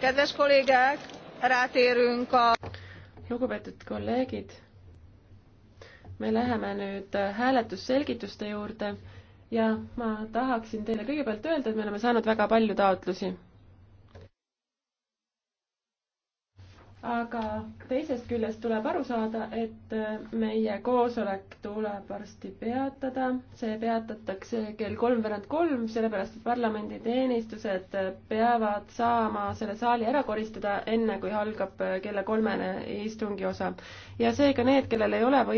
Kedves kollégák, rátérünk a... Lugupeetud kolleegid, me läheme nüüd hääletusselgituste juurde ja ma tahaksin teile kõigepealt öelda, et me oleme saanud väga palju taotlusi aga teisest küljest tuleb aru saada, et äh, meie koosolek tuleb varsti peatada, see peatatakse kell kolmveerand kolm, sellepärast et parlamenditeenistused peavad saama selle saali ära koristada, enne kui algab äh, kella kolmene istungi osa. ja seega need, kellel ei ole võimalik